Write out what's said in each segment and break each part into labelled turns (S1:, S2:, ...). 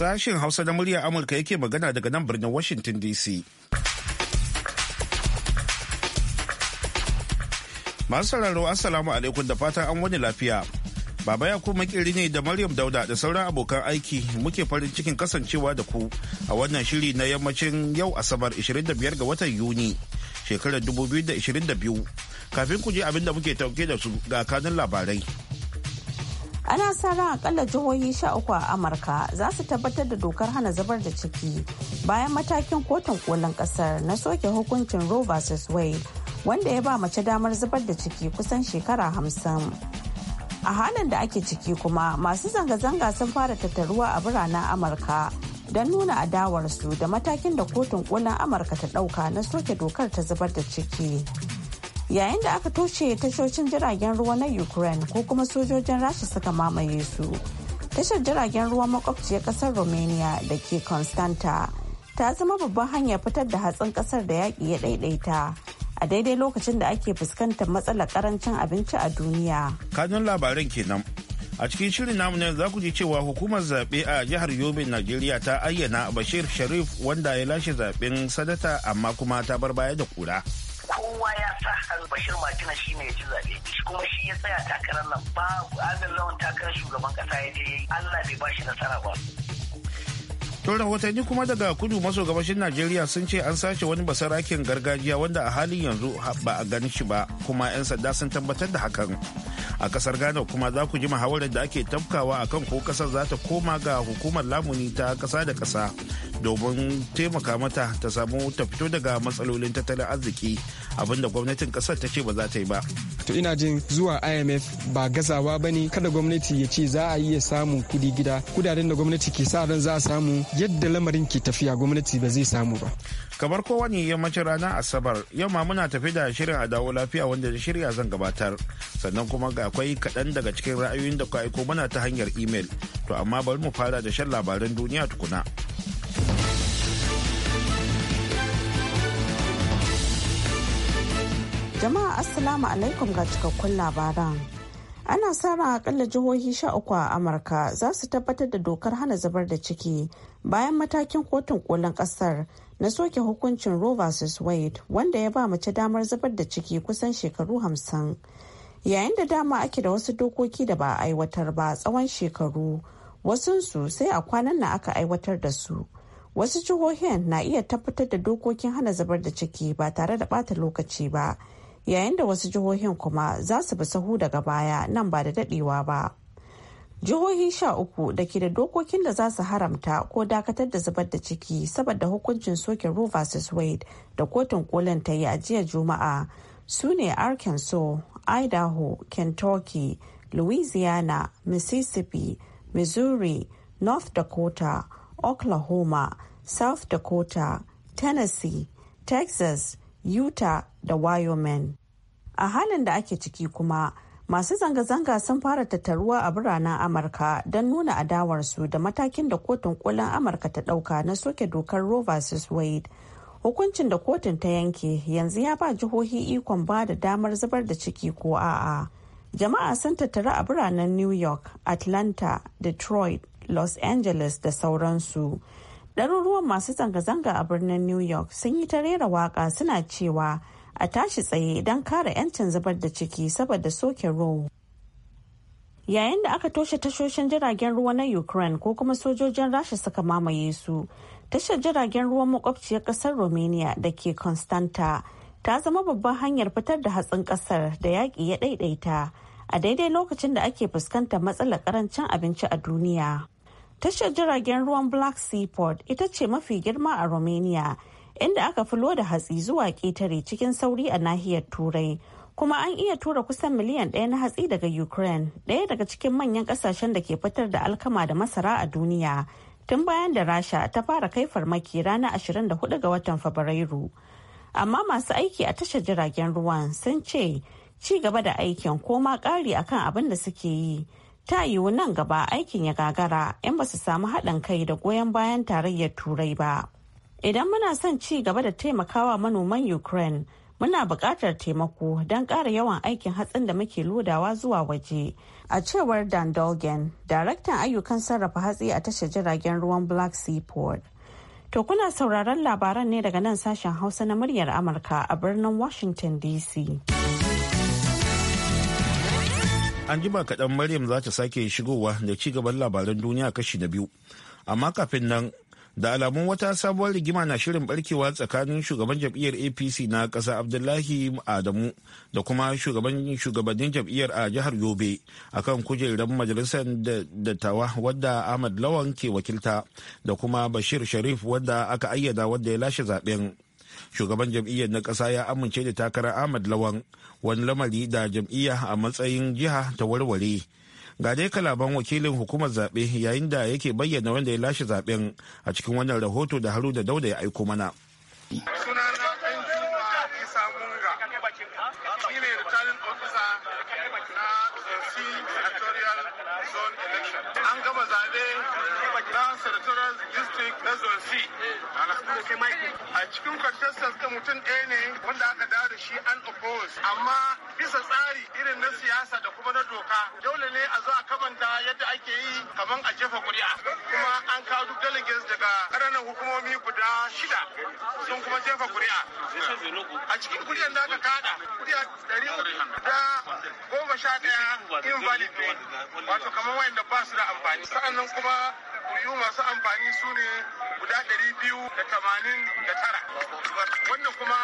S1: Sashen Hausa na muryar Amurka yake magana daga nan birnin Washington DC. Masu sauraro Assalamu alaikum da fatan an wani lafiya. Baba ya kuma makiri ne da Maryam Dauda da sauran abokan aiki muke farin cikin kasancewa da ku a wannan shiri na yammacin yau Asabar 25 ga watan Yuni shekarar 2022. Kafin ku je abin da muke tauke da su ga kanun labarai.
S2: ana sa ran akalla jihohi sha uku a amurka za su tabbatar da dokar hana zubar da ciki bayan matakin kotun kolin kasar na soke hukuncin roe vs wade wanda ya ba mace damar zubar da ciki kusan shekara hamsin a halin da ake ciki kuma masu zanga-zanga sun fara tattaruwa a biranen amurka don nuna adawarsu da matakin da kotun kolin amurka ta dauka na soke dokar ta zubar da ciki yayin da aka toshe tashoshin jiragen ruwa na ukraine ko kuma sojojin rasha suka mamaye su tashar jiragen ruwa makwabciyar kasar romania da ke constanta ta zama babban hanyar fitar da hatsin kasar da yaƙi ya ɗaiɗaita a daidai lokacin da ake fuskantar matsalar karancin abinci a duniya
S1: kanun labaran kenan a cikin shirin namu ne za ku ji cewa hukumar zaɓe a jihar yobe najeriya ta ayyana bashir sharif wanda ya lashe zaɓen sadata amma kuma ta bar baya da kura
S3: kowa ya sa hannu bashir martina shi ne ya ci zaɓe shi kuma shi ya tsaya takarar nan babu adal lawan takarar shugaban ƙasa ya je allah bai ba shi nasara ba
S1: To rahotanni kuma daga kudu maso gabashin Najeriya sun ce an sace wani basarakin gargajiya wanda a halin yanzu ba a gani shi ba kuma 'yan sanda sun tabbatar da hakan. A kasar Ghana kuma za ku ji muhawarar da ake tafkawa akan ko kasar za ta koma ga hukumar lamuni ta kasa da kasa domin taimaka mata ta samu ta fito daga matsalolin tattalin arziki abinda gwamnatin kasar ta ce ba za ta yi ba
S4: to ina jin zuwa imf ba gazawa ba ne kada gwamnati ya ce za a iya samu kudi gida kudaden da gwamnati ke sa ran za a samu yadda lamarin ke tafiya gwamnati ba zai samu ba
S1: kamar kowane yammacin ranar asabar yau muna tafi da shirin a dawo lafiya wanda da shirya zan gabatar sannan kuma ga akwai kaɗan daga cikin ra'ayoyin da ku aiko mana ta hanyar imel to amma bari mu fara da shan labaran duniya tukuna
S2: Jama'a Assalamu alaikum ga cikakkun labaran. Ana sa ran akalla jihohi sha uku a Amurka za su tabbatar da dokar hana zubar da ciki bayan matakin kotun kolin kasar na soke hukuncin Roe vs. Wade wanda ya ba mace damar zubar da ciki kusan shekaru hamsin. Yayin da dama ake da wasu dokoki da ba a aiwatar ba tsawon shekaru, wasunsu sai a kwanan na aka aiwatar da su. Wasu jihohin na iya tabbatar da dokokin hana zubar da ciki ba tare da ɓata lokaci ba. yayin da wasu jihohin kuma za su bi sahu daga baya nan ba da dadewa ba jihohi sha uku da ke da dokokin da za su haramta ko dakatar da zubar da ciki saboda hukuncin soke roe vs wade da kotun kolin ta yi a jiya juma'a su ne arkansas idaho kentucky louisiana mississippi missouri north dakota oklahoma south dakota tennessee texas utah da wyoming a halin da ake ciki kuma masu zanga-zanga sun fara tattaruwa a biranen amurka don nuna adawarsu da matakin da kotun kolin amurka ta dauka na soke dokar roe vs wade hukuncin da kotun ta yanke yanzu ya ba jihohi ikon ba da damar zubar da ciki ko a'a jama'a sun tattara a biranen new york atlanta detroit los angeles da sauransu ɗaruruwan masu zanga-zanga a birnin new york sun yi ta rera waka suna cewa a tashi tsaye don kare 'yancin zubar da ciki saboda soke roe yayin da aka toshe tashoshin jiragen ruwa na ukraine ko kuma sojojin rasha suka mamaye su tashar jiragen ruwan makwabciyar kasar romania da ke constanta ta zama babban hanyar fitar da hatsin kasar da yaƙi ya ɗaiɗaita a daidai lokacin da ake fuskantar matsalar karancin abinci a duniya Tashar jiragen ruwan Black Seaport ita ce mafi girma a Romania, inda aka fi loda hatsi zuwa ƙetare cikin sauri a nahiyar Turai. Kuma an iya tura kusan miliyan ɗaya na hatsi daga Ukraine, ɗaya daga cikin manyan ƙasashen da ke fitar da alkama da masara a duniya. Tun bayan da Rasha ta fara kai farmaki ranar 24 ga watan Fabrairu. Amma masu aiki a tashar jiragen ruwan sun ce ci gaba da aikin ko ma ƙari akan abin da suke yi. ta yiwu nan gaba aikin ya gagara yan ba su samu haɗin kai da goyon bayan tarayyar turai ba idan muna son ci gaba da taimakawa manoman ukraine muna buƙatar taimako don ƙara yawan aikin hatsin da muke lodawa zuwa waje a cewar dan dolgen daraktan ayyukan sarrafa hatsi a tashar jiragen ruwan black seaport to kuna sauraron labaran ne daga nan sashen hausa na muryar amurka a birnin washington dc
S1: An ji ba kaɗan Maryam za ta sake shigowa da ci gaban labaran duniya kashi na biyu. Amma kafin nan da alamun wata sabuwar rigima na shirin barkewa tsakanin shugaban jam'iyyar apc na ƙasa abdullahi adamu da kuma shugaban shugabannin jam'iyyar a jihar yobe akan kujerar majalisar dattawa wadda ahmad lawan ke wakilta da kuma bashir sharif wadda aka ayyada wadda ya lashe zaben shugaban jam'iyyar na ƙasa ya amince da takarar ahmad lawan wani lamari da jam'iyya a matsayin jiha ta warware ga dai kalaban wakilin hukumar zaɓe yayin da yake bayyana wanda ya lashe zaɓen a cikin wannan rahoto da haru da dauda ya aiko mana. na zonsi a cikin contestants da mutum ɗaya ne wanda aka dawo da shi an oppose amma bisa tsari irin na siyasa da kuma na doka dole ne a zo a kamanta yadda ake yi kamar a jefa kuri'a kuma an kawo duk delegates daga ƙananan hukumomi guda shida sun kuma jefa kuri'a a cikin kuri'an da aka kada kuri'a ɗari da goma sha ɗaya invalid
S4: ne wato kamar da ba su da amfani sa'annan kuma kuyu masu amfani su ne guda ɗari biyu da tamanin da tara wanda kuma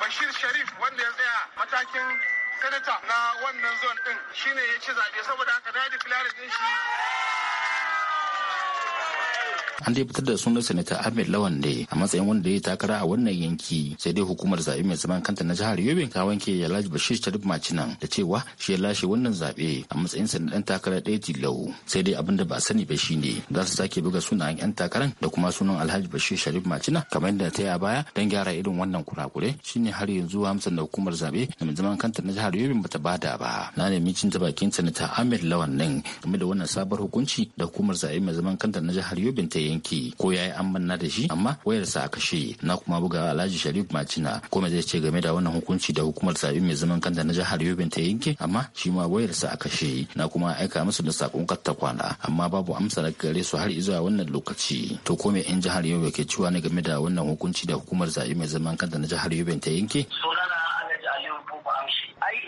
S4: bashir sharif wanda ya tsaya matakin sanata na wannan zon ɗin shine ya ci zaɓe saboda haka na yi declaring shi
S5: an dai fitar da sunan sanata ahmed lawan ne a matsayin wanda ya takara a wannan yanki sai dai hukumar zaɓe mai zaman kanta na jihar yobe Ka wanke laji bashir sharif macinan da cewa shi ya lashe wannan zaɓe a matsayin sa dan takara ɗaya tilau sai dai abin da ba sani ba shine za su sake buga sunayen yan takaran da kuma sunan alhaji bashir sharif macina kamar yadda ta yi a baya don gyara irin wannan kurakure shine har yanzu hamsin da hukumar zaɓe da mai zaman kanta na jihar yobe bata bada ba na nemi cin ta bakin sanata ahmed lawan nan game da wannan sabar hukunci da hukumar zaɓe mai zaman kanta na jihar yobe ta yi yanki ko ya yi amanna da shi amma wayarsa a kashe na kuma buga alhaji sharif macina kuma zai ce game da wannan hukunci da hukumar zaɓe mai zaman kanta na jihar yobin ta yanke amma shi ma wayarsa a kashe na kuma aika musu da sakon katta kwana amma babu amsa daga gare su har zuwa wannan lokaci to ko me yan jihar yobe ke cewa ne game da wannan hukunci da hukumar zaɓe mai zaman kanta na jihar yobin ta yanke. sunana ai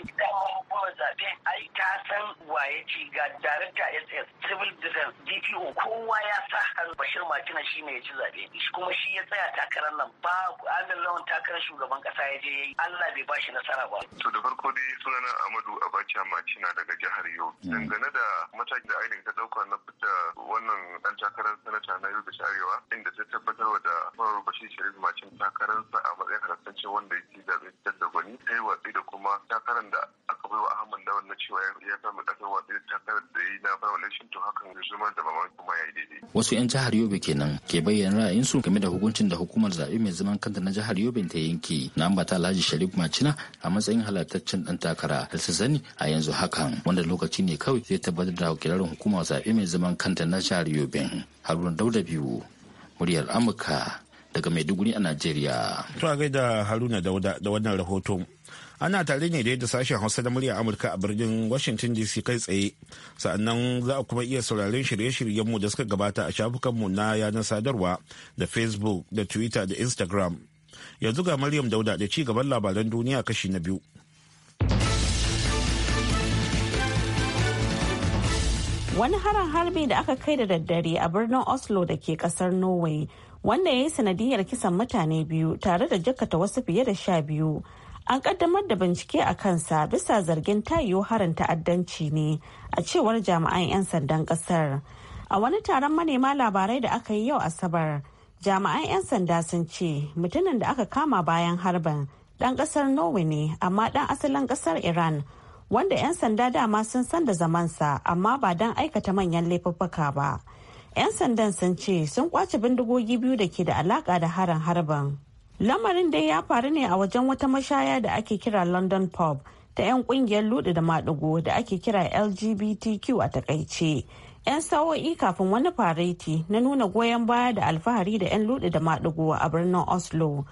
S5: ai
S4: ta san waye ci ga darakta ss Abdul Dilan DPO kowa ya sa hannu
S3: Bashir Makina shi ne ya ci zaɓe kuma shi ya tsaya takarar nan ba Amin Lawan takarar shugaban ƙasa ya je yayi Allah bai bashi nasara ba. To da farko dai sunana Amadu Abacha Makina daga jihar
S6: Yobe. Mm. Dangane da matakin da ainihin ta ɗauka na fita wannan ɗan takarar sanata na Yobe Arewa inda ta tabbatar da faruwar Bashir Sharif takarar takararsa a matsayin harkacin wanda ya ci zaɓe da gwani ta yi watsi da kuma takarar da aka bai wa Ahmad Lawan na cewa ya samu ƙasar watsi da takarar
S2: da ya yi na Farmalishin to haka zuma da baban kuma ya yi daidai.
S5: Wasu 'yan jihar Yobe kenan ke bayyana ra'ayinsu game da hukuncin da hukumar zaɓe mai zaman kanta na jihar Yobe ta yanke na ambata Alhaji Sharif Macina a matsayin halartaccen ɗan takara da su sani a yanzu hakan wanda lokaci ne kawai zai tabbatar da wakilin hukumar zaɓe mai zaman kanta na jihar Yobe. Haruna Dauda biyu muryar Amurka daga Maiduguri a Najeriya.
S1: To a gaida Haruna Dauda da wannan rahoton ana tare ne da sashen hausa da murya amurka a birnin washington dc kai tsaye sa'annan za a kuma iya sauraren shirye shiryen mu da suka gabata a shafukanmu na yanar sadarwa da facebook da twitter da instagram yanzu ga maryam dauda da ci gaban labaran duniya kashi na biyu
S2: wani harin harbi da aka kai da daddare a birnin oslo da ke kasar norway wanda ya yi sanadiyar kisan mutane biyu tare da jakata wasu fiye da sha biyu an kaddamar da bincike a kansa bisa zargin tayo harin ta'addanci ne a cewar jami'an 'yan sandan kasar a wani taron manema labarai da aka yi yau asabar jami'an 'yan sanda sun ce mutumin da aka kama bayan harbin dan kasar norway ne amma dan asalin kasar iran wanda 'yan sanda dama sun san da zamansa amma ba don aikata manyan laifuffuka ba 'yan sandan sun ce sun kwace bindigogi biyu da ke da alaka da harin harbin Lamarin dai ya faru ne a wajen wata mashaya da ake kira London Pub ta 'yan kungiyar luɗe da maɗigo da ake kira LGBTQ a takaice. 'Yan sawo'i kafin wani fareti na nuna goyon baya da alfahari da 'yan luɗe da maɗigo a birnin Oslo.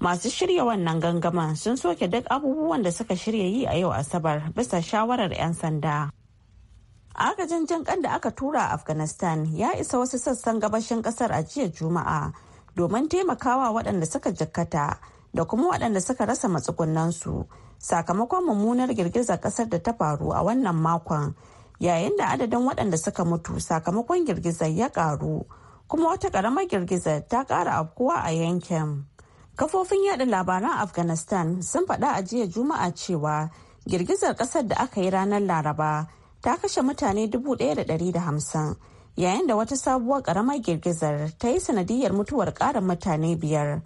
S2: Masu shirya wannan gangaman sun soke duk abubuwan da suka shirya yi a yau Asabar bisa shawarar 'yan sanda. Agajin jan da aka tura a Afghanistan ya isa wasu sassan gabashin kasar a jiya Juma'a. domin taimakawa waɗanda suka jikkata da kuma waɗanda suka rasa matsugunansu sakamakon mummunar girgizar ƙasar da ta faru a wannan makon yayin da adadin waɗanda suka mutu sakamakon girgizar ya ƙaru kuma wata ƙaramar girgizar ta ƙara afkuwa a yankin kafofin yaɗa labaran afghanistan sun faɗa a jiya juma'a cewa girgizar ƙasar da aka yi ranar laraba ta kashe mutane 1,150 yayin da wata sabuwar karamar girgizar ta yi sanadiyar mutuwar karin mutane biyar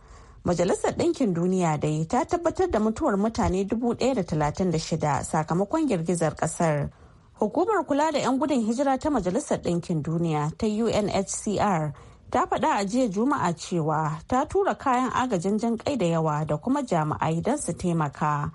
S2: majalisar ɗinkin duniya dai ta tabbatar da mutuwar mutane 1,036 sakamakon girgizar ƙasar hukumar kula da 'yan gudun hijira ta majalisar ɗinkin duniya ta unhcr ta faɗa a jiya juma'a cewa ta tura kayan agajin jan kai da yawa da kuma jami'ai don su taimaka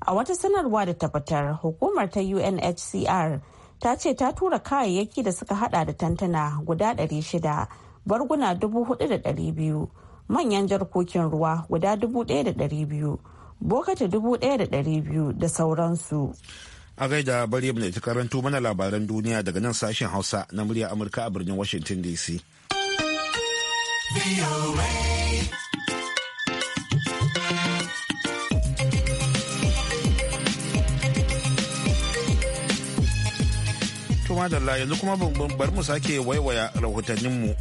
S2: a wata sanarwa da tabbatar hukumar ta unhcr ta ce ta tura kayayyaki da suka hada da tantana guda 600 barguna 4,200 manyan jarkokin ruwa guda 1,200 bokata 1,200 da sauransu
S1: a gaida bari da ta karanto mana labaran duniya daga nan sashen hausa na murya amurka a birnin washington dc kuma da yanzu kuma bar mu sake waiwaya mu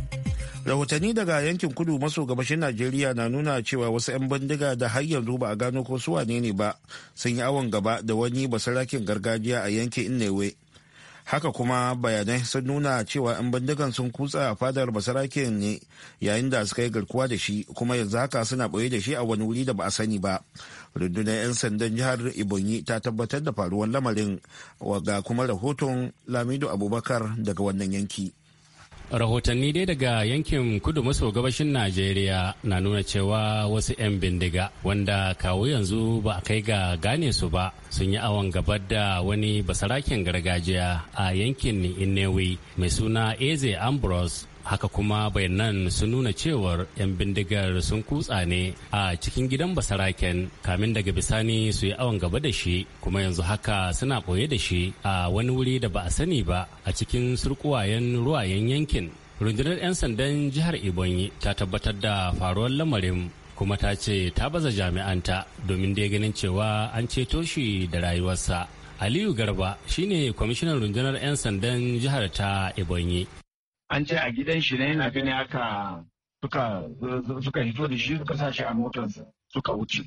S1: Rahotanni daga yankin kudu maso gabashin Najeriya na nuna cewa wasu 'yan bindiga da har yanzu ba a gano ko su wane ne ba sun yi awon gaba da wani basarakin gargajiya a yankin Innewe haka kuma bayanai sun nuna cewa 'yan bindigan sun kutsa a fadar basarake ne yayin da suka yi garkuwa da shi kuma yanzu haka suna ɓoye da shi a wani wuri da ba a sani ba rundunar 'yan sandan jihar ibonyi ta tabbatar da faruwar lamarin ga kuma rahoton lamido abubakar daga wannan yanki
S7: rahotanni dai daga yankin kudu maso gabashin najeriya na nuna cewa wasu 'yan bindiga wanda kawo yanzu ba a kai ga gane su ba sun yi awon gabar da wani basarakin gargajiya a yankin Inewi mai suna eze ambrose haka kuma bayanan sun nuna cewar 'yan bindigar sun kutsa ne a cikin gidan basaraken kamin daga bisani su yi awon gaba da shi kuma yanzu haka suna ɓoye da shi a wani wuri da ba a sani ba a cikin surkuwayen ruwayen yankin rundunar 'yan sandan jihar ibonyi ta tabbatar da faruwar lamarin kuma ta ce ta baza jami'anta domin dai ganin cewa an ceto shi da rayuwarsa aliyu garba shine kwamishinan rundunar 'yan sandan jihar ta ibonyi
S5: an ce a gidan shi ne yana gani haka suka suka hito da shi suka sa shi a motarsa
S7: suka wuce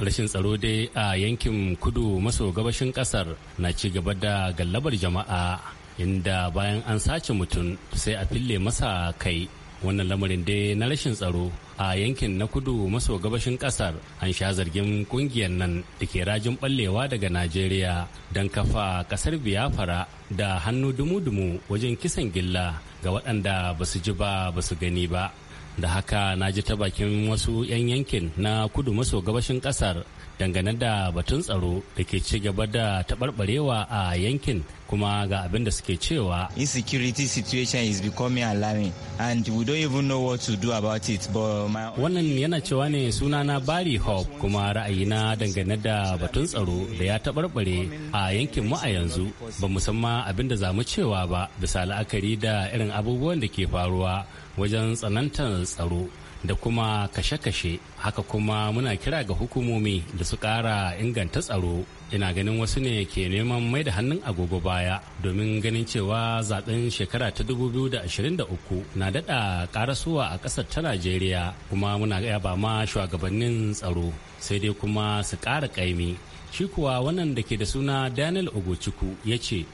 S7: rashin tsaro dai a yankin kudu maso gabashin kasar na ci gaba da gallabar jama'a inda bayan an sace mutum sai a fille masa kai wannan lamarin dai na rashin tsaro a yankin na kudu maso gabashin kasar an sha zargin kungiyar nan da ke rajin ballewa daga najeriya don kafa kasar biyafara da hannu dumu-dumu wajen kisan gilla ga waɗanda ba su ji ba ba su gani ba da haka na ji ta bakin wasu 'yan yankin na kudu maso gabashin kasar dangane da batun tsaro da ke ci gaba da taɓarɓarewa a yankin kuma ga abin da suke cewa insecurity situation is becoming alarming and we don't even know what to do about it but wannan yana cewa ne sunana Barry Hope kuma ra'ayi na dangane da batun tsaro da ya taɓarɓare a yankin mu a yanzu ba mu san ma abin da za cewa ba bisa la'akari da irin abubuwan da ke faruwa wajen tsanantar tsaro da kuma kashe-kashe haka kuma muna kira ga hukumomi da su kara inganta tsaro ina ganin wasu ne ke neman mai da hannun agogo baya domin ganin cewa zaben shekara ta 2023 na dada karasuwa a kasar ta najeriya kuma muna yaba ma shugabannin tsaro sai dai kuma su kara kaimi shi kuwa wannan da ke da suna daniel ogochukwu ya ce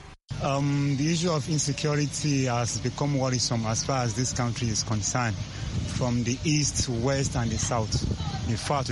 S6: Um, the issue of insecurity has become worrisome as far as this country is concerned. from the east, west and south. In fact,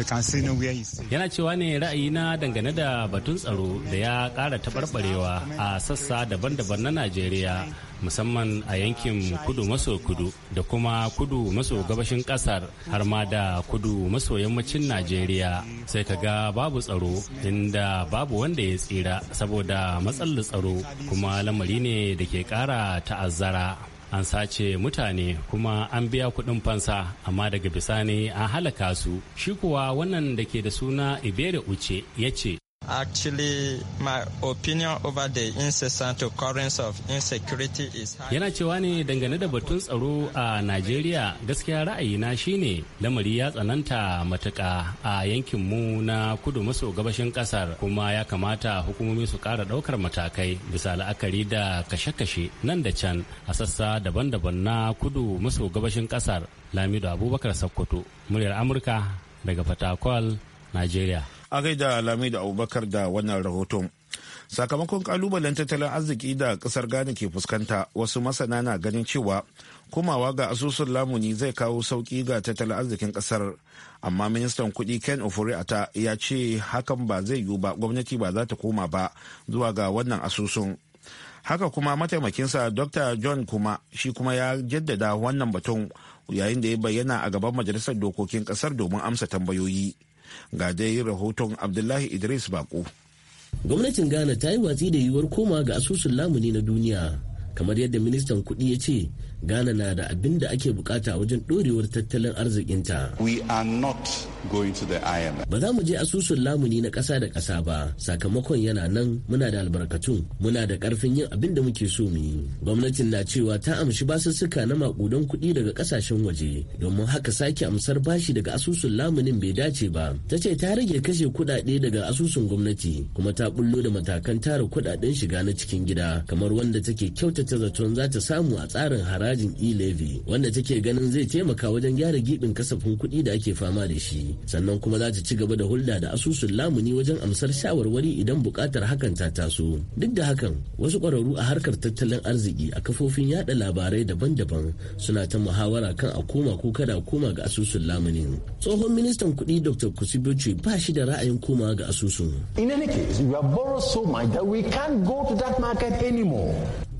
S7: Yana cewa ne ra'ayi na dangane da batun tsaro da ya kara taɓarɓarewa a sassa daban-daban na Najeriya, musamman a yankin kudu maso kudu da kuma kudu maso gabashin kasar har ma da kudu maso yammacin Najeriya. Sai ka ga babu tsaro inda babu wanda ya tsira saboda matsalar tsaro kuma lamari ne da ke ƙara ta'azzara. an sace mutane kuma an biya kuɗin fansa amma daga bisani an halaka su shi kuwa wannan da ke da suna ibere uce ya ce Yana cewa ne dangane da batun tsaro a Najeriya gaskiya ra'ayina shine lamari ya tsananta matuka a yankinmu na kudu maso gabashin kasar kuma ya kamata hukumomi su ƙara ɗaukar matakai bisa la'akari da kashe-kashe nan da can a sassa daban-daban na kudu maso gabashin kasar Lamido Abubakar Sokoto, muryar Amurka daga Fatakwal, Najeriya.
S1: a gaida da abubakar da wannan rahoton sakamakon kalubalen tattalin arziki da kasar ghana ke fuskanta wasu masana na ganin cewa komawa ga asusun lamuni zai kawo sauki ga tattalin arzikin kasar amma ministan kudi ken ta ya ce hakan ba zai yiwu ba gwamnati ba za ta koma ba zuwa ga wannan asusun haka kuma mataimakinsa dr john kuma shi kuma ya jaddada wannan batun yayin da ya bayyana a gaban majalisar dokokin kasar domin amsa tambayoyi ga dai rahoton abdullahi idris bako
S3: gwamnatin ghana ta yi watsi da yiwuwar koma ga asusun lamuni na duniya kamar yadda ministan kuɗi ya ce Ghana na da abin da ake bukata wajen dorewar tattalin arzikinta. We are not going to the IMF. Ba za mu je asusun lamuni na ƙasa da ƙasa ba, sakamakon yana nan muna da albarkatun, muna da ƙarfin yin abin da muke so mu yi. Gwamnatin na cewa ta amshi basussuka na maƙudan kuɗi daga ƙasashen waje, domin haka sake amsar bashi daga asusun lamunin bai dace ba. Ta ce ta rage kashe kuɗaɗe daga asusun gwamnati, kuma ta bullo da matakan tara kuɗaɗen shiga na cikin gida, kamar wanda take kyautata zaton za ta samu a tsarin hara harajin e-levy wanda take ganin zai taimaka wajen gyara gibin kasafin kuɗi da ake fama da shi sannan kuma za ta ci gaba da hulɗa da asusun lamuni wajen amsar shawarwari idan buƙatar hakan ta taso duk da hakan wasu ƙwararru a harkar tattalin arziki a kafofin yada labarai daban-daban suna ta muhawara kan a koma ko kada koma ga asusun lamuni tsohon ministan kuɗi dr kusibuchi ba shi da ra'ayin koma ga asusun
S7: in any case
S3: we have borrowed so much that we can't go to that market anymore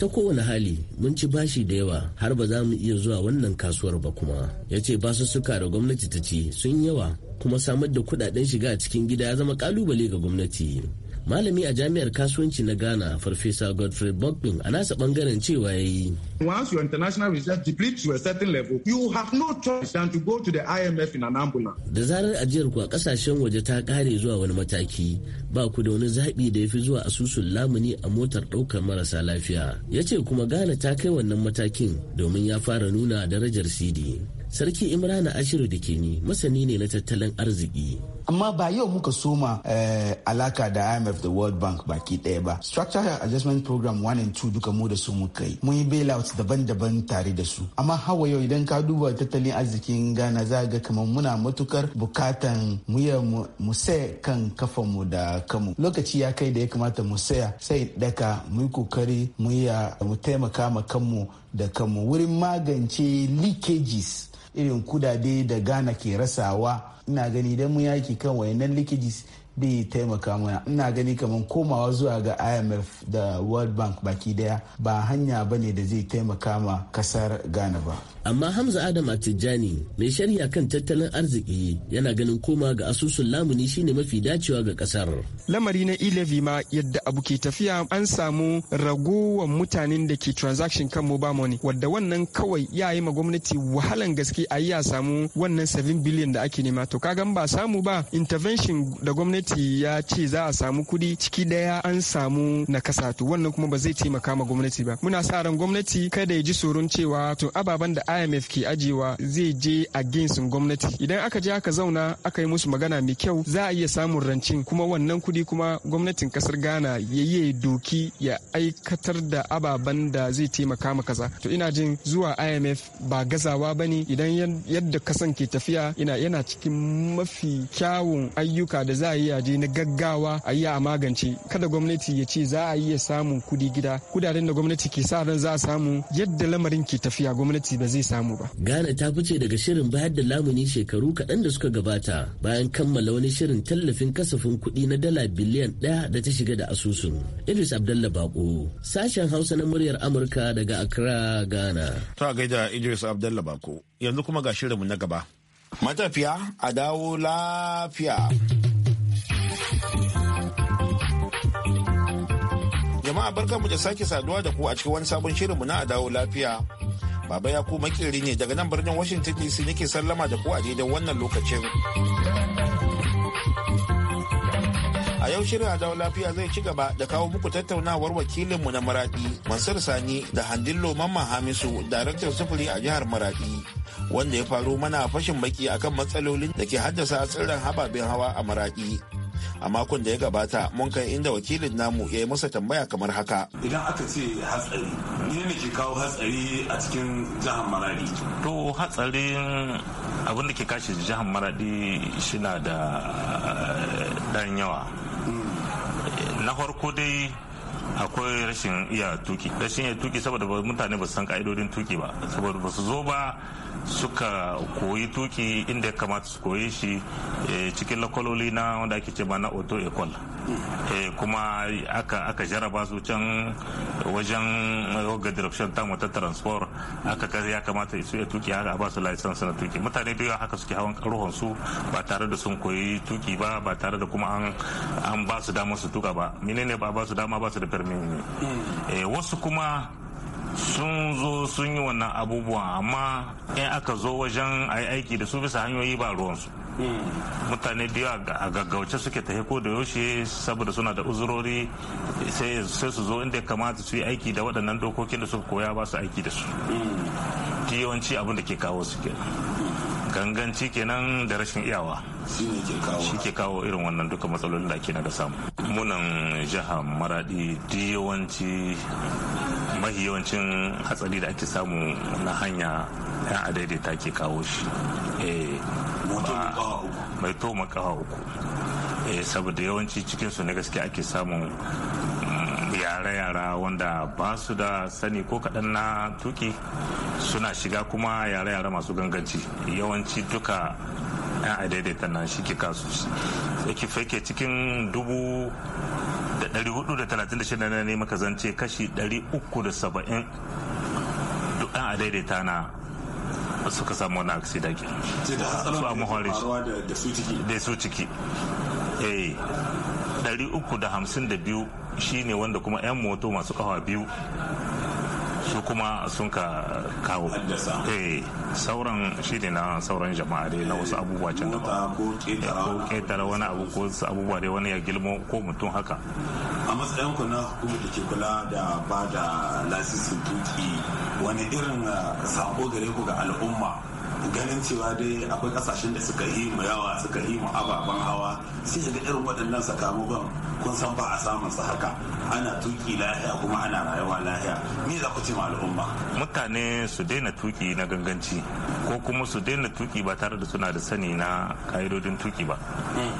S3: ta kowane hali mun ci bashi da yawa har ba za mu iya zuwa wannan kasuwar ba kuma ya ce basussuka da gwamnati ta ci sun yawa kuma samar da kudaden shiga a cikin gida ya zama kalubale ga gwamnati malami a jami'ar kasuwanci na ghana farfesa godfrey bogbin a nasa bangaren cewa ya yi Once your international research depletes to a certain level, you have no choice than to go to the IMF in an ambulance. Da zarar ajiyar ku a kasashen waje ta kare zuwa wani mataki, ba ku da wani zaɓi da ya fi zuwa asusun lamuni a motar ɗaukar marasa lafiya. Ya ce kuma Ghana ta kai wannan matakin domin ya fara nuna darajar CD. Sarki Imrana Ashiru da ke ni masani ne na tattalin arziki. amma ba yau muka soma eh, alaka da imf da world bank baki daya ba structural adjustment program 1 and 2 duka mu da su muka yi mun yi bailout daban-daban tare da su amma hawa yau idan ka duba tattalin arzikin ghana za ga kamar muna matukar bukatan muya mu saya kan mu da kamu lokaci ya kai da ya kamata mu saya sai daka mu yi kokari mu taimaka ma kanmu da kanmu wurin magance leakages irin kudade da ghana ke rasawa ina gani idan mu yaki kan wayannan likidis bai taimaka mana ina gani kamar komawa zuwa ga imf da world bank baki daya ba hanya bane da zai taimaka ma kasar ghana ba amma hamza adam a tijjani mai shari'a kan tattalin arziki yana ganin koma ga asusun lamuni shine mafi dacewa ga kasar
S4: lamari na e ma yadda abu ke tafiya an samu ragowar mutanen da ke transaction kan mobile money wadda wannan kawai ya yi ma gwamnati wahalan gaske a yi a samu wannan 7 billion da ake nema to kaga ba samu ba intervention da gwamnati ya ce za a samu kudi ciki daya an samu nakasa to wannan kuma ba zai taimaka ma gwamnati ba muna sa ran gwamnati kada ya ji tsoron cewa to ababen da imf ke ajiyewa zai je a ginsin gwamnati idan aka je aka zauna aka yi musu magana mai kyau za a iya samun rancin kuma wannan kudi kuma gwamnatin kasar ghana ya yi doki ya aikatar da ababen da zai taimaka ma kaza to ina jin zuwa imf ba gazawa ba ne idan yadda kasan ke tafiya ina yana cikin mafi kyawun ayyuka da za a yi je na gaggawa a yi a magance kada gwamnati ya ce za a iya samun kudi gida kudaden da gwamnati ke sa ran za a samu yadda lamarin ke tafiya gwamnati ba zai zai samu ba.
S3: Ghana ta fice daga shirin bayar da lamuni shekaru kaɗan da suka gabata bayan kammala wani shirin tallafin kasafin kuɗi na dala biliyan ɗaya da ta shiga da asusun. Idris Abdalla Bako, sashen Hausa na muryar Amurka daga Accra, Ghana.
S1: Ta gaida Idris Abdalla Bako, yanzu kuma ga shirinmu na gaba. Matafiya a dawo lafiya. Jama'a barkanmu da sake saduwa da ku a cikin wani sabon shirinmu na a dawo lafiya. Baba ya ku makeri ne daga nan birnin Washington DC nake sallama da ku a daidai wannan lokacin. A yau shirin Adawa Lafiya zai ci gaba da kawo muku tattaunawar wakilinmu na maraɗi Mansur Sani da Handillo Mamman Hamisu, daraktar sufuri a jihar maraɗi wanda ya faru mana fashin baki akan matsalolin da ke haddasa tsirran hababen hawa a maraɗi a makon da ya gabata mun kai inda wakilin namu ya yi masa tambaya kamar haka
S3: idan aka ce
S1: hatsari ne ne ke kawo hatsari a cikin jihar maradi
S6: to hatsarin abin da ke kashe jihar maradi shina da dan eh, yawa mm. na farko dai akwai rashin iya tuki rashin iya tuki saboda mutane ba san ka'idodin tuki ba saboda ba su zo ba suka koyi tuki inda ya kamata su koyi shi eh, cikin lakwaloli na wanda ake ce na auto ecole eh, kuma aka jaraba su can wajen roga direction ta ta transport aka ga ya kamata su ya tuki haka ba su license na tuki mutane biyu haka suke hawan karuhon su ba tare da sun koyi tuki ba ba tare da kuma an ba su damar su tuka ba menene ba ba su dama ba su da permit ne mm. eh, wasu kuma sun zo sun yi wannan abubuwan amma in aka zo wajen a yi aiki da su bisa hanyoyi ba ruwansu mutane biyu a gaggauce suke ta ko da yaushe saboda suna da uzurori sai su zo inda kamata su yi aiki da waɗannan dokokin da suka koya ba su aiki da su mm. yawanci abin da ke kawo su ganganci kenan da rashin iyawa shi ke kawo irin wannan duka matsalolin da ake na da samu munan jiha maradi yawanci mahi yawancin hatsari da ake samu na hanya yan ta ke kawo shi eh, mai to makawa uku eh, saboda yawanci cikinsu na gaske ake samun yara-yara wanda ba su da sani ko kaɗan na tuki suna shiga kuma yara-yara masu ganganci yawanci duka 'yan adaidaita nan shi ke kasu tsaki fake cikin dubu da da hudu talatin da shida ne maka zance kashi uku da saba'in duk yan adaidaita na suka samu wani aksida ke su a muhari da su ciki Da eh, uku hamsin da biyu. shine wanda kuma 'yan moto masu kawa biyu su kuma sun ka kawo eh sauran shi ne na sauran jama'a dai na wasu abubuwa can da ba ko ketara eh, wani abu ko wasu abubuwa dai wani ya gilmo ko mutum haka
S1: a matsayin ku na hukumar da ke kula da ba da lasisin tuki wani irin eh, sabo gare ku ga al'umma ganin cewa dai akwai kasashen da suka yi mu yawa suka yi mu ababen hawa sai ga irin waɗannan sakamakon kun san ba a samun su haka ana tuki lahiya kuma ana rayuwa lahiya me za ku ce ma al'umma
S6: mutane su daina tuki na ganganci ko kuma su daina tuki ba tare da suna da sani na ka'idodin tuki ba mm.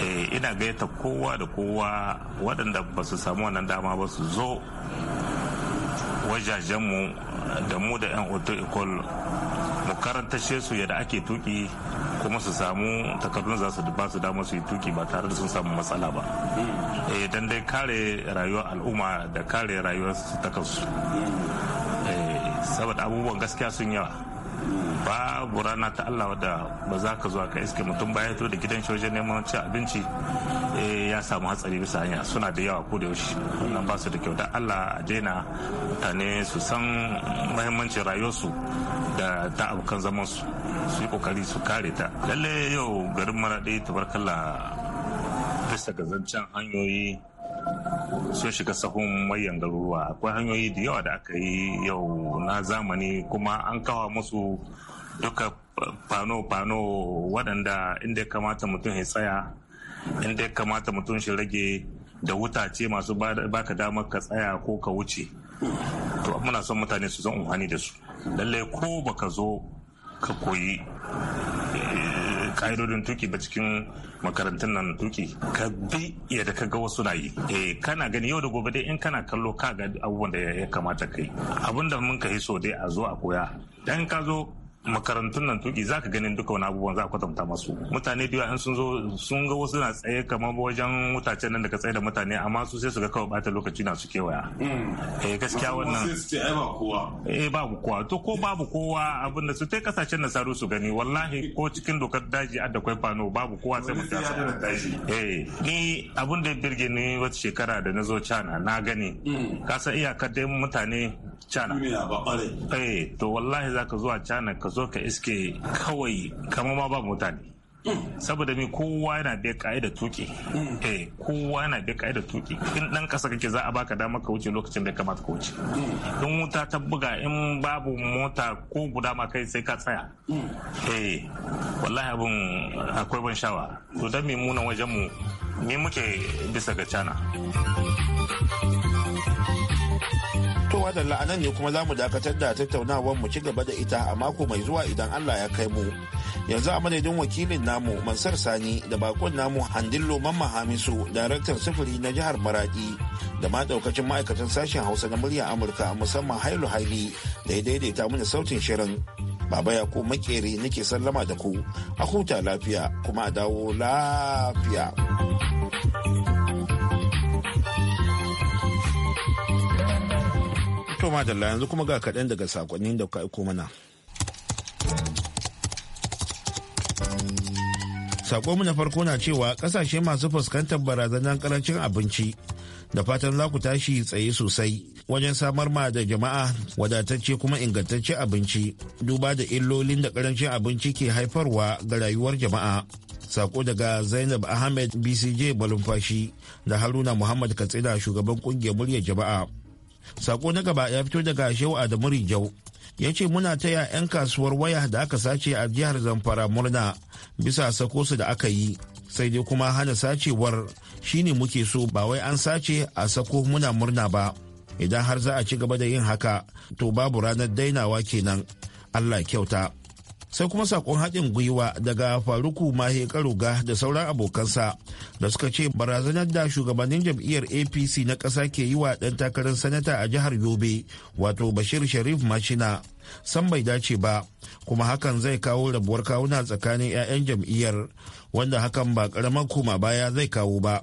S6: eh, ina gayyata kowa da kowa waɗanda ba su samu wannan dama ba su zo wajajenmu da mu da 'yan ikol karantashe su yadda ake tuki kuma su samu takardun za su ba su dama su yi tuki ba tare da sun samu matsala ba idan eh, dai kare rayuwar al'umma da kare rayuwar su ta kansu eh, saboda abubuwan gaskiya sun yawa babu rana ta Allah wadda ba za ka zuwa ka iske mutum baya to da gidan shoje neman ci abinci eh, ya samu hatsari bisa hanya suna da yawa ko da yaushe wannan ba su da kyau da Allah a daina mutane su san mahimmancin rayuwarsu da ta abokan zaman su su yi kokari su kare ta lalle yau garin Maradi tabarkala bisa ga zancen hanyoyi sun shiga sahun mayan garuruwa akwai hanyoyi da yawa da aka yi yau na zamani kuma an kawo musu duka fano-fano waɗanda inda ya kamata mutum ya tsaya inda ya kamata mutum shi rage da wuta ce masu baka damar ka tsaya ko ka wuce to muna son mutane su zan umarni da su lallai ko baka zo ka koyi ka'idodin tuki ba cikin makarantun nan tuki ka bi yadda ka ga wasu na yi eh kana gani yau da gobe dai in kana kallo ka ga abubuwan da ya kamata kai abinda mun ka yi so dai a zo a koya dan ka zo makarantun nan tuki za ka ganin duka wani abubuwan za a kwatanta masu mutane biyu a sun zo sun ga wasu na tsaye kamar wajen wutacen nan da ka tsaye da mutane amma su sai su ga kawai bata lokaci na su kewaya mm. eh gaskiya wannan eh babu kowa to ko babu kowa abin da su tai kasashen saro su gani wallahi ko cikin dokar daji da kwai fano babu kowa sai mutum ya daji eh ni abin da birge ni wata shekara da na zo cana na gani mm. ka san iyakar da mutane cana eh to wallahi zaka zuwa cana ka zo ka iske kawai kama ma ba mutane saboda me kowa yana bai ka'ida tuki eh kowa yana bai ka'ida tuki in dan kasa kake za a baka dama ka wuce lokacin da kamata ka wuce in wuta ta buga in babu mota ko guda ma kai sai ka tsaya eh wallahi abun akwai ban shawa to dan me muna wajen mu me
S1: muke bisa ga cana madalla la'anan ne kuma za mu dakatar da tattaunawar mu ci gaba da ita a mako mai zuwa idan Allah ya kai mu. Yanzu a madadin wakilin namu Mansar Sani da bakon namu Handillo Mamma Hamisu daraktan sufuri na jihar Maradi da ma daukacin ma'aikatan sashen Hausa na muryar Amurka musamman Hailu Haili da ya daidaita mana sautin shirin. Baba ya ko makere nake sallama da ku a huta lafiya kuma a dawo lafiya. To madalla yanzu kuma ga kaɗan daga sakonnin da ka aiko mana. Sakonmu na farko na cewa ƙasashe masu fuskantar barazanar ƙarancin abinci da fatan za ku tashi tsaye sosai wajen samar ma da jama'a wadatacce kuma ingantaccen abinci duba da illolin da karancin abinci ke haifarwa ga rayuwar jama'a sako daga zainab ahmed bcj balumfashi da haruna muhammad katsina shugaban ƙungiyar muryar jama'a sako na gaba ya fito daga shehu adamu rijau ya ce muna taya 'yan kasuwar waya da aka sace a jihar zamfara murna bisa sako su da aka yi sai dai kuma hana sacewar shine muke so ba wai an sace a sako muna murna ba idan har za a ci gaba da yin haka to babu ranar dainawa kenan allah kyauta sai kuma sakon haɗin gwiwa daga faruku mahe karuga da sauran abokansa da suka ce barazanar da shugabannin jam'iyyar apc na ƙasa ke yi wa ɗan takarar sanata a jihar yobe wato bashir sharif mashina san bai dace ba kuma hakan zai kawo rabuwar kawuna tsakanin 'ya'yan jam'iyyar wanda hakan ba ƙaramar koma baya zai kawo ba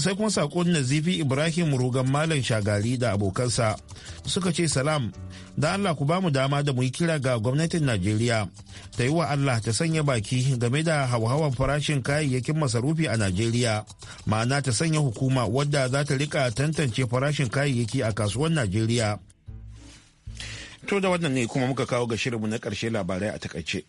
S1: sai kuma sakon nazifi ibrahim rugan malam shagari da abokansa suka ce salam da allah ku bamu dama da muyi kira ga gwamnatin najeriya ta yi wa allah ta sanya baki game da hauhawan farashin kayayyakin masarufi a najeriya ma'ana ta sanya hukuma wadda za ta rika tantance farashin kayayyaki a kasuwar najeriya to da wannan ne kuma muka kawo ga shirinmu na karshe labarai a takaice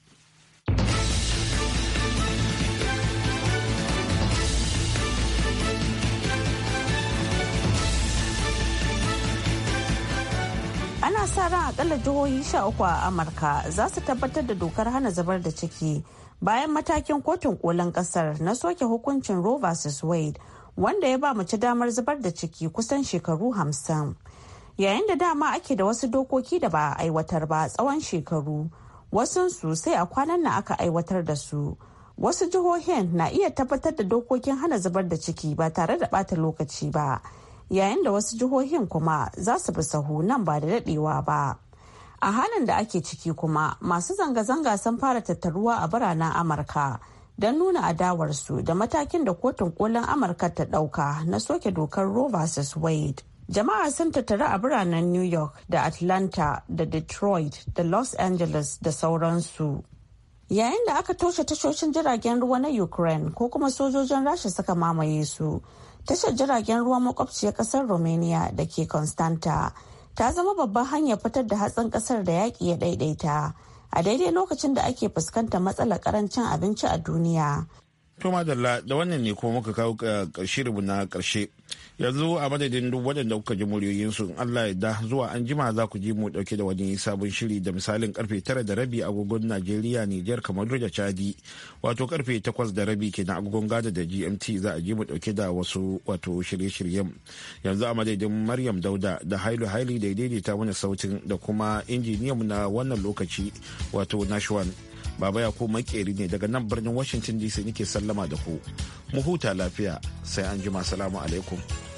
S2: ana sa ran akalla jihohi sha uku a amurka za su tabbatar da dokar hana zubar da ciki bayan matakin kotun kolin kasar na soke hukuncin roe vs wade wanda ya ba mace damar zubar da ciki kusan shekaru hamsin yayin da dama ake da wasu dokoki da ba a aiwatar ba tsawon shekaru wasunsu sai a kwanan na aka aiwatar da su wasu jihohin na iya tabbatar da dokokin hana zubar da ciki ba tare da bata lokaci ba yayin da wasu jihohin kuma za su bi sahu nan ba da daɗewa ba. A halin da ake ciki kuma masu zanga-zanga sun fara tattaruwa a biranen Amurka don nuna adawarsu da matakin da kotun kolin Amurka ta ɗauka na soke dokar Roe vs. Wade. Jama'a sun tattaru a biranen New York da Atlanta da Detroit da Los Angeles da sauransu. Yayin da aka toshe tashoshin jiragen ruwa na Ukraine ko kuma sojojin Rasha suka mamaye su. tashar jiragen ruwan makwabciyar kasar romania da ke constanta ta zama babban hanyar fitar da hatsin kasar da yaƙi ya daidaita a daidai lokacin da ake fuskantar matsalar karancin abinci a duniya
S1: To madalla da wannan ne kuma muka kawo eh, ƙarshe rubu na karshe Yanzu a madadin duk waɗanda kuka ji muryoyinsu in Allah da zuwa an jima za ku ji mu ɗauke da wani sabon shiri da misalin karfe tara da rabi agogon Najeriya, Nijar, kamar da Chadi. Wato karfe takwas da rabi ke agogon gada da GMT za a ji mu ɗauke da wasu wato shirye-shiryen. Yanzu a madadin Maryam Dauda da Hailu Haili daidaita mana sautin da kuma mu na wannan lokaci wato Nashwan. Baba ya ko makeri ne daga nan birnin Washington DC nake sallama da ku. Mu huta lafiya sai an jima salamu alaikum.